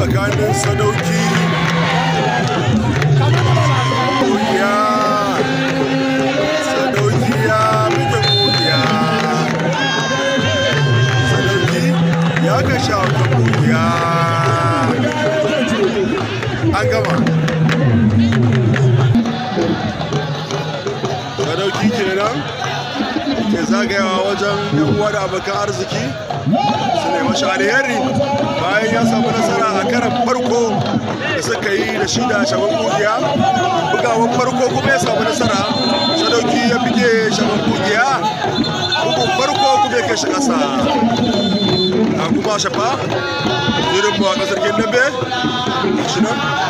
tsakanin sadauki ya sadauki ya buge kuriya ya gama sadauki kenan ke zagayawa wajen yan uwa da abokan arziki su alheri bayan ya samu nasara a karan farko da suka yi da shida a shagon kugiya bugawan farko kuma ya samu nasara sadauki ya bige shagon kugiya bugun farko kuma ya kai shi ƙasa a kuma shafa jirin a kasar gindabe shi nan